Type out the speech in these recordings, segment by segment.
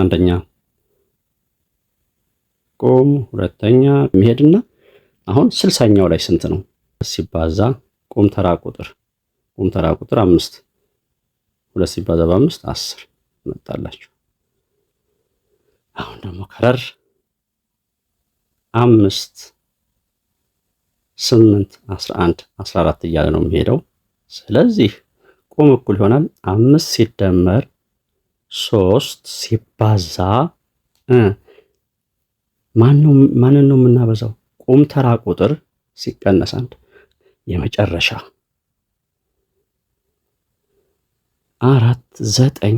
አንደኛ ቁም፣ ሁለተኛ መሄድና አሁን ስልሳኛው ላይ ስንት ነው ሲባዛ ቁም ተራ ቁጥር ቁም ተራ ቁጥር አምስት ሁለት ሲባዛ በአምስት አስር መጣላችሁ። አሁን ደግሞ ከረር አምስት ስምንት አስራ አንድ አስራ አራት እያለ ነው የሚሄደው። ስለዚህ ቁም እኩል ይሆናል አምስት ሲደመር ሶስት ሲባዛ ማንን ነው የምናበዛው? ቁም ተራ ቁጥር ሲቀነስ አንድ የመጨረሻ አራት ዘጠኝ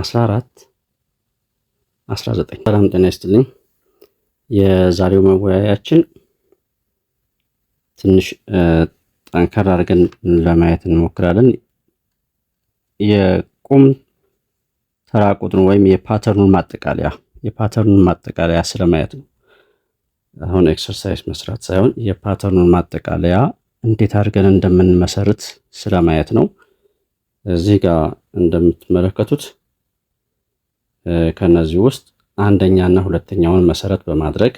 አስራ አራት አስራ ዘጠኝ ሰላም ጤና ይስጥልኝ። የዛሬው መወያያችን ትንሽ ጠንከር አድርገን ለማየት እንሞክራለን። ቁም ተራ ቁጥሩን ወይም የፓተርኑን ማጠቃለያ የፓተርኑን ማጠቃለያ ስለማየት ነው። አሁን ኤክሰርሳይዝ መስራት ሳይሆን የፓተርኑን ማጠቃለያ እንዴት አድርገን እንደምንመሰርት ስለማየት ነው። እዚህ ጋር እንደምትመለከቱት ከነዚህ ውስጥ አንደኛና ሁለተኛውን መሰረት በማድረግ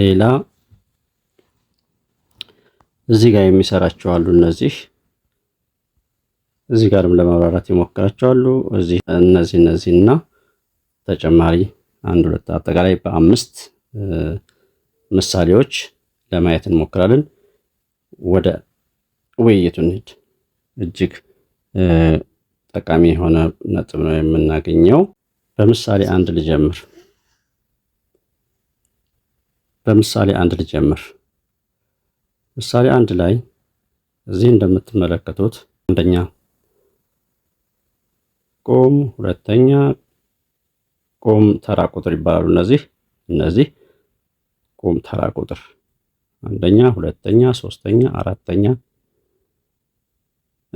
ሌላ እዚህ ጋር የሚሰራቸው አሉ እነዚህ እዚህ ጋርም ለማብራራት ይሞክራቸዋሉ። እዚህ እነዚህ እነዚህ እና ተጨማሪ አንድ ሁለት አጠቃላይ በአምስት ምሳሌዎች ለማየት እንሞክራለን። ወደ ውይይቱ እንሂድ። እጅግ ጠቃሚ የሆነ ነጥብ ነው የምናገኘው። በምሳሌ አንድ ልጀምር። በምሳሌ አንድ ልጀምር። ምሳሌ አንድ ላይ እዚህ እንደምትመለከቱት አንደኛ ቁም ሁለተኛ ቁም ተራ ቁጥር ይባላሉ። እነዚህ እነዚህ ቁም ተራ ቁጥር አንደኛ፣ ሁለተኛ፣ ሶስተኛ፣ አራተኛ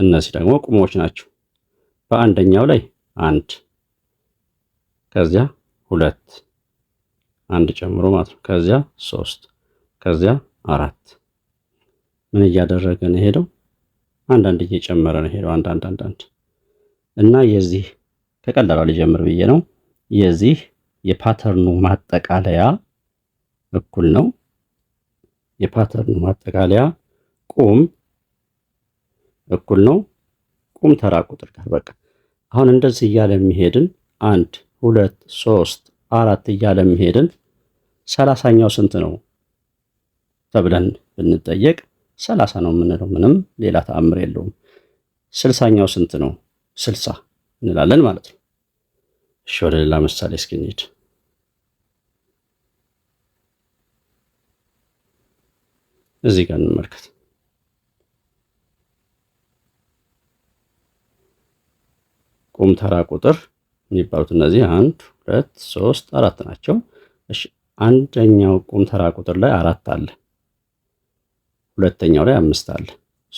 እነዚህ ደግሞ ቁሞች ናቸው። በአንደኛው ላይ አንድ ከዚያ ሁለት አንድ ጨምሮ ማለት ነው። ከዚያ ሶስት ከዚያ አራት ምን እያደረገ ነው ሄደው አንዳንድ እየጨመረ ነው ሄደው አንድ አንድ አንድ አንድ እና የዚህ ከቀላሉ ልጀምር ብዬ ነው። የዚህ የፓተርኑ ማጠቃለያ እኩል ነው። የፓተርኑ ማጠቃለያ ቁም እኩል ነው ቁም ተራ ቁጥር ጋር በቃ አሁን እንደዚህ እያለ የሚሄድን አንድ ሁለት ሶስት አራት እያለ የሚሄድን ሰላሳኛው ስንት ነው ተብለን ብንጠየቅ ሰላሳ ነው የምንለው። ምንም ሌላ ተአምር የለውም። ስልሳኛው ስንት ነው ስልሳ እንላለን ማለት ነው። እሺ ወደ ሌላ ምሳሌ እስክንሄድ እዚህ ጋር እንመልከት። ቁም ተራ ቁጥር የሚባሉት እነዚህ አንድ ሁለት ሶስት አራት ናቸው። እሺ አንደኛው ቁም ተራ ቁጥር ላይ አራት አለ፣ ሁለተኛው ላይ አምስት አለ፣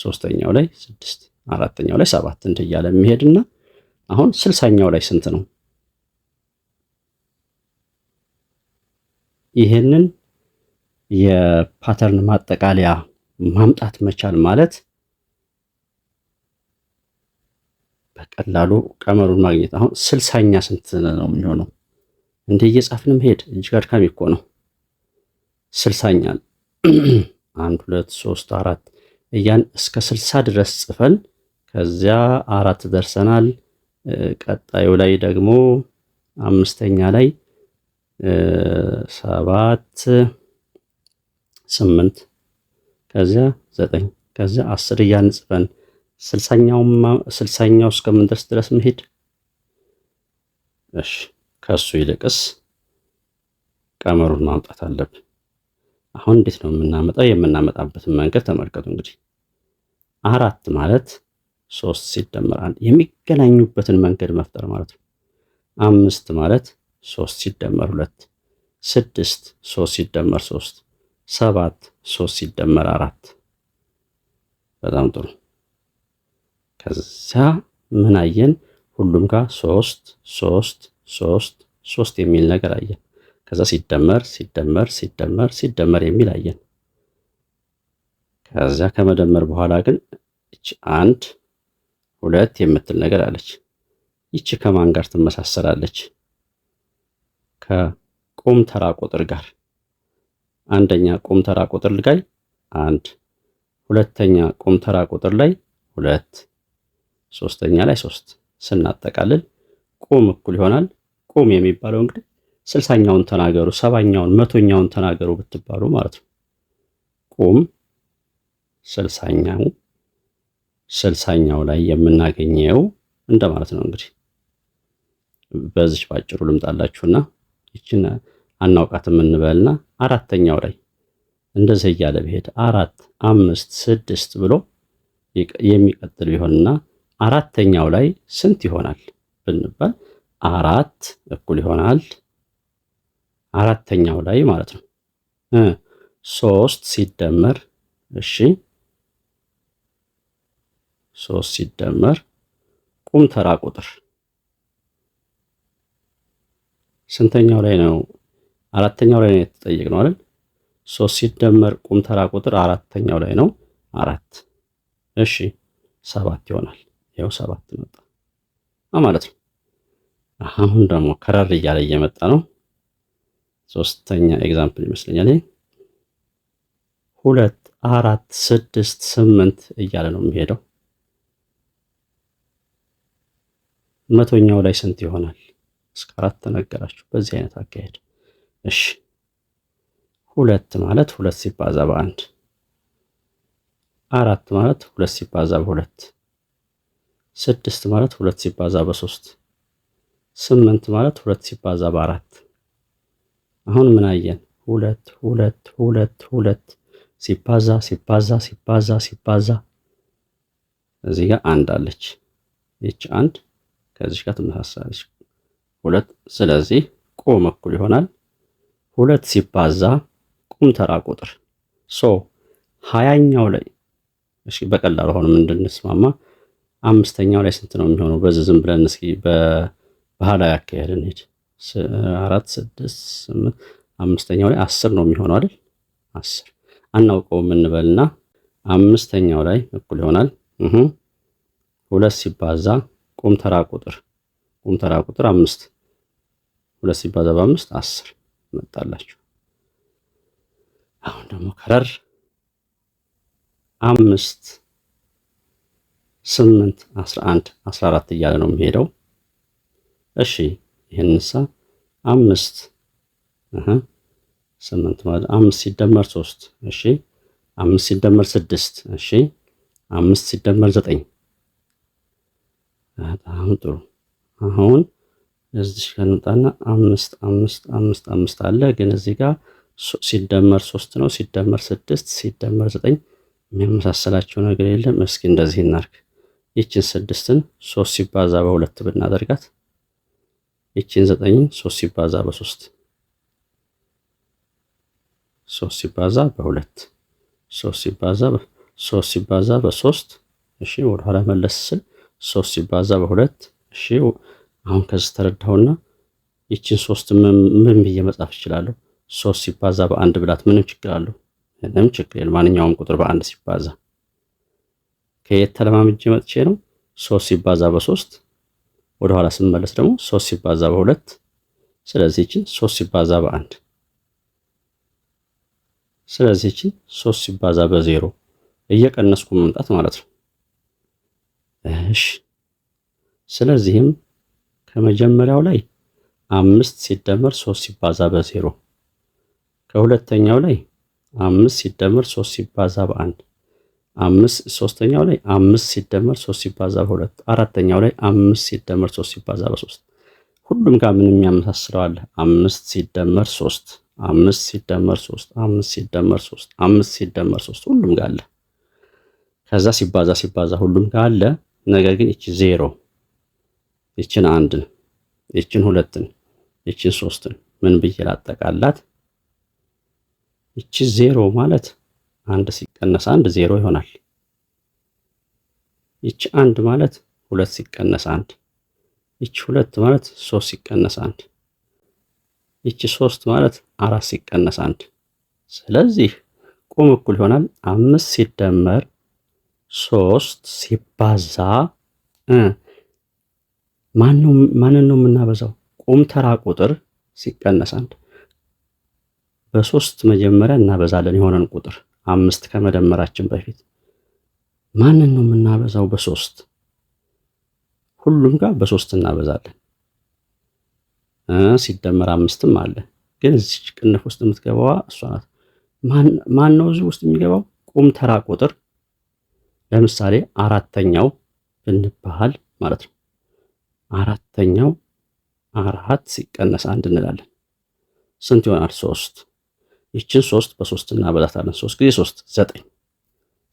ሶስተኛው ላይ ስድስት አራተኛው ላይ ሰባት እንደ እያለ የሚሄድና አሁን ስልሳኛው ላይ ስንት ነው? ይህንን የፓተርን ማጠቃለያ ማምጣት መቻል ማለት በቀላሉ ቀመሩን ማግኘት። አሁን ስልሳኛ ስንት ነው የሚሆነው? እንደ እየጻፍን መሄድ እጅግ አድካሚ እኮ ነው። ስልሳኛ አንድ ሁለት ሶስት አራት እያን እስከ ስልሳ ድረስ ጽፈን ከዚያ አራት ደርሰናል። ቀጣዩ ላይ ደግሞ አምስተኛ ላይ ሰባት ስምንት ከዚያ ዘጠኝ ከዚያ አስር እያንጽፈን ስልሳኛው እስከምንደርስ ድረስ መሄድ። እሺ ከሱ ይልቅስ ቀመሩን ማምጣት አለብ? አሁን እንዴት ነው የምናመጣው? የምናመጣበትን መንገድ ተመልከቱ። እንግዲህ አራት ማለት ሶስት ሲደመር አንድ የሚገናኙበትን መንገድ መፍጠር ማለት ነው። አምስት ማለት ሶስት ሲደመር ሁለት፣ ስድስት ሶስት ሲደመር ሶስት፣ ሰባት ሶስት ሲደመር አራት። በጣም ጥሩ። ከዚያ ምን አየን? ሁሉም ጋር ሶስት ሶስት ሶስት ሶስት የሚል ነገር አየን። ከዛ ሲደመር ሲደመር ሲደመር ሲደመር የሚል አየን። ከዚያ ከመደመር በኋላ ግን አንድ ሁለት የምትል ነገር አለች። ይቺ ከማን ጋር ትመሳሰላለች? ከቁም ተራ ቁጥር ጋር። አንደኛ ቁም ተራ ቁጥር ላይ አንድ፣ ሁለተኛ ቁም ተራ ቁጥር ላይ ሁለት፣ ሶስተኛ ላይ ሶስት። ስናጠቃልል ቁም እኩል ይሆናል። ቁም የሚባለው እንግዲህ ስልሳኛውን ተናገሩ፣ ሰባኛውን፣ መቶኛውን ተናገሩ ብትባሉ ማለት ነው። ቁም ስልሳኛው ስልሳኛው ላይ የምናገኘው እንደማለት ነው። እንግዲህ በዚች ባጭሩ ልምጣላችሁና ይችን አናውቃትም እንበልና አራተኛው ላይ እንደዚህ እያለ ብሄድ አራት፣ አምስት፣ ስድስት ብሎ የሚቀጥል ይሆንና አራተኛው ላይ ስንት ይሆናል ብንባል አራት እኩል ይሆናል አራተኛው ላይ ማለት ነው ሶስት ሲደመር እሺ ሶስት ሲደመር ቁም ተራ ቁጥር ስንተኛው ላይ ነው? አራተኛው ላይ ነው የተጠየቅነው አይደል? ሶስት ሲደመር ቁም ተራ ቁጥር አራተኛው ላይ ነው። አራት እሺ፣ ሰባት ይሆናል። ያው ሰባት መጣ ማለት ነው። አሁን ደግሞ ከረር እያለ እየመጣ ነው። ሶስተኛ ኤግዛምፕል ይመስለኛል። ሁለት፣ አራት፣ ስድስት፣ ስምንት እያለ ነው የሚሄደው። መቶኛው ላይ ስንት ይሆናል? እስከ አራት ተነገራችሁ። በዚህ አይነት አካሄድ እሺ። ሁለት ማለት ሁለት ሲባዛ በአንድ አራት ማለት ሁለት ሲባዛ በሁለት ስድስት ማለት ሁለት ሲባዛ በሶስት ስምንት ማለት ሁለት ሲባዛ በአራት አሁን ምን አየን? ሁለት ሁለት ሁለት ሁለት ሲባዛ ሲባዛ ሲባዛ ሲባዛ እዚህ ጋር አንድ አለች። ይች አንድ ከዚች ጋር ትነሳሳለች ሁለት። ስለዚህ ቁም እኩል ይሆናል ሁለት ሲባዛ ቁም ተራ ቁጥር ሶ ሀያኛው ላይ እሺ፣ በቀላሉ አሁንም እንድንስማማ አምስተኛው ላይ ስንት ነው የሚሆነው? በዚህ ዝም ብለን እስኪ በባህላዊ አካሄድ እንሂድ። አራት ስድስት ስምንት አምስተኛው ላይ አስር ነው የሚሆነው አይደል? አስር አናውቀውም እንበልና አምስተኛው ላይ እኩል ይሆናል ሁለት ሲባዛ ቁም ተራ ቁጥር ቁም ተራ ቁጥር አምስት ሁለት ሲባዛ በአምስት አስር መጣላችሁ። አሁን ደግሞ ከረር አምስት ስምንት አስራ አንድ አስራ አራት እያለ ነው የሚሄደው። እሺ ይህን ንሳ አምስት ስምንት ማለት አምስት ሲደመር ሶስት እሺ አምስት ሲደመር ስድስት እሺ አምስት ሲደመር ዘጠኝ በጣም ጥሩ። አሁን እዚህ ከንጣና አምስት አምስት አምስት አምስት አለ ግን እዚህ ጋር ሲደመር ሶስት ነው ሲደመር ስድስት ሲደመር ዘጠኝ የሚያመሳሰላቸው ነገር የለም። እስኪ እንደዚህ እናርግ። ይችን ስድስትን ሶስት ሲባዛ በሁለት ብናደርጋት ይችን ዘጠኝን ሶስት ሲባዛ በሶስት ሶስት ሲባዛ በሁለት ሶስት ሲባዛ ሶስት ሲባዛ በሶስት እሺ ወደኋላ መለስ ስል ሶስት ሲባዛ በሁለት እሺ። አሁን ከዚህ ተረዳሁና ይችን ሶስት ምን ብዬ መጻፍ እችላለሁ? ሶስት ሲባዛ በአንድ ብላት ምንም ችግር አለው? ምንም ችግር፣ ማንኛውም ቁጥር በአንድ ሲባዛ ከየት ተለማምጄ መጥቼ ነው? ሶስት ሲባዛ በሶስት ወደኋላ ስንመለስ ደግሞ ሶስት ሲባዛ በሁለት ስለዚህ ይችን ሶስት ሲባዛ በአንድ ስለዚህ ይችን ሶስት ሲባዛ በዜሮ እየቀነስኩ መምጣት ማለት ነው። እሺ ስለዚህም ከመጀመሪያው ላይ አምስት ሲደመር ሶስት ሲባዛ በዜሮ ከሁለተኛው ላይ አምስት ሲደመር ሶስት ሲባዛ በአንድ አምስት ሶስተኛው ላይ አምስት ሲደመር ሶስት ሲባዛ በሁለት አራተኛው ላይ አምስት ሲደመር ሶስት ሲባዛ በሶስት ሁሉም ጋር ምን የሚያመሳስለው አለ። አምስት ሲደመር ሶስት አምስት ሲደመር ሶስት አምስት ሲደመር ሶስት አምስት ሲደመር ሶስት ሁሉም ጋር አለ። ከዛ ሲባዛ ሲባዛ ሁሉም ጋር አለ። ነገር ግን ይቺ ዜሮ ይችን አንድን ይችን ሁለትን ይችን ሶስትን ምን ብዬ ላጠቃላት? ይቺ ዜሮ ማለት አንድ ሲቀነስ አንድ ዜሮ ይሆናል። ይቺ አንድ ማለት ሁለት ሲቀነስ አንድ፣ ይቺ ሁለት ማለት ሶስት ሲቀነስ አንድ፣ ይቺ ሶስት ማለት አራት ሲቀነስ አንድ። ስለዚህ ቁም እኩል ይሆናል አምስት ሲደመር ሶስት ሲባዛ ማንን ነው የምናበዛው? ቁም ተራ ቁጥር ሲቀነስ አንድ በሶስት መጀመሪያ እናበዛለን የሆነን ቁጥር አምስት ከመደመራችን በፊት ማንን ነው የምናበዛው? በሶስት ሁሉም ጋር በሶስት እናበዛለን። ሲደመር አምስትም አለ፣ ግን እዚች ቅንፍ ውስጥ የምትገባዋ እሷ ናት። ማን ነው እዚህ ውስጥ የሚገባው? ቁም ተራ ቁጥር ለምሳሌ አራተኛው ብንባል ማለት ነው። አራተኛው አራት ሲቀነስ አንድ እንላለን። ስንት ይሆናል? ሶስት። ይችን ሶስት በሶስት እናበዛታለን። ሶስት ጊዜ ሶስት ዘጠኝ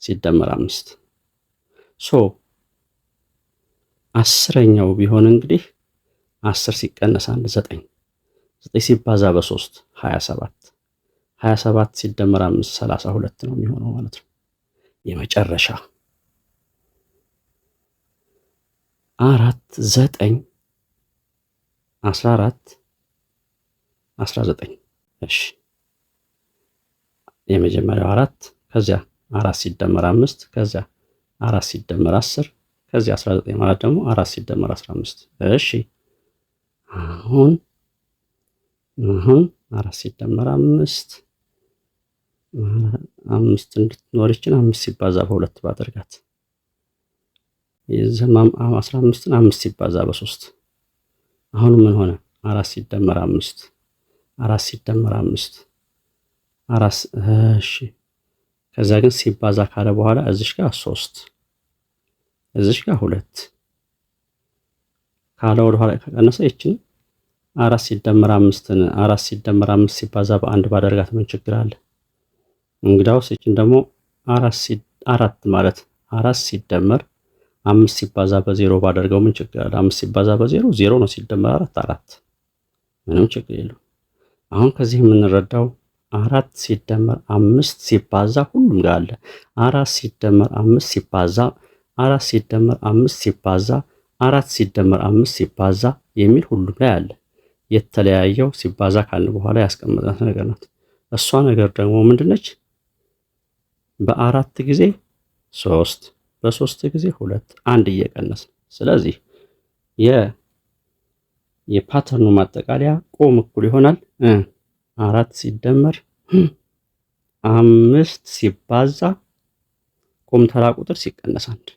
ሲደመር አምስት ሶ አስረኛው ቢሆን እንግዲህ አስር ሲቀነስ አንድ ዘጠኝ ዘጠኝ ሲባዛ በሶስት ሀያ ሰባት ሀያ ሰባት ሲደመር አምስት ሰላሳ ሁለት ነው የሚሆነው ማለት ነው የመጨረሻ አራት ዘጠኝ አስራ አራት አስራ ዘጠኝ እሺ የመጀመሪያው አራት ከዚያ አራት ሲደመር አምስት ከዚያ አራት ሲደመር አስር ከዚያ አስራ ዘጠኝ ማለት ደግሞ አራት ሲደመር አስራ አምስት እሺ አሁን አሁን አራት ሲደመር አምስት አምስት እንድትኖር ይችን አምስት ሲባዛ በሁለት ባደርጋት አስራ አምስትን አምስት ሲባዛ በሶስት አሁን ምን ሆነ? አራት ሲደመር አምስት አራት ሲደመር አምስት አራት እሺ። ከዛ ግን ሲባዛ ካለ በኋላ እዚሽ ጋር ሶስት እዚሽ ጋር ሁለት ካለ ወደ ኋላ ከቀነሰ ይችን አራት ሲደመር አምስትን አራት ሲደመር አምስት ሲባዛ በአንድ ባደረጋት ምን ችግር አለ? እንግዳውስ ይችን ደግሞ አራት አራት ማለት አራት ሲደመር አምስት ሲባዛ በዜሮ ባደርገው ምን ችግር አለ? አምስት ሲባዛ በዜሮ ዜሮ ነው ሲደመር አራት አራት፣ ምንም ችግር የለው። አሁን ከዚህ የምንረዳው አራት ሲደመር አምስት ሲባዛ ሁሉም ጋር አለ። አራት ሲደመር አምስት ሲባዛ አራት ሲደመር አምስት ሲባዛ አራት ሲደመር አምስት ሲባዛ የሚል ሁሉም ላይ አለ። የተለያየው ሲባዛ ካልን በኋላ ያስቀመጥናት ነገር ናት። እሷ ነገር ደግሞ ምንድነች? በአራት ጊዜ ሶስት በሶስት ጊዜ ሁለት አንድ እየቀነስ ስለዚህ የ የፓተርኑ ማጠቃለያ ቆም እኩል ይሆናል አራት ሲደመር አምስት ሲባዛ ቆም ተራ ቁጥር ሲቀነስ አንድ።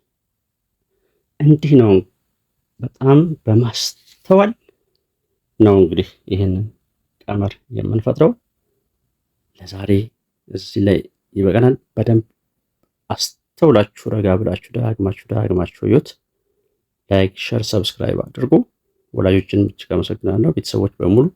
እንዲህ ነው። በጣም በማስተዋል ነው እንግዲህ ይህንን ቀመር የምንፈጥረው። ለዛሬ እዚህ ላይ ይበቃናል። በደንብ ተውላችሁ ረጋ ብላችሁ ዳግማችሁ ዳግማችሁ እዩት። ላይክ፣ ሸር፣ ሰብስክራይብ አድርጉ። ወላጆችን ብቻ አመሰግናለሁ። ቤተሰቦች በሙሉ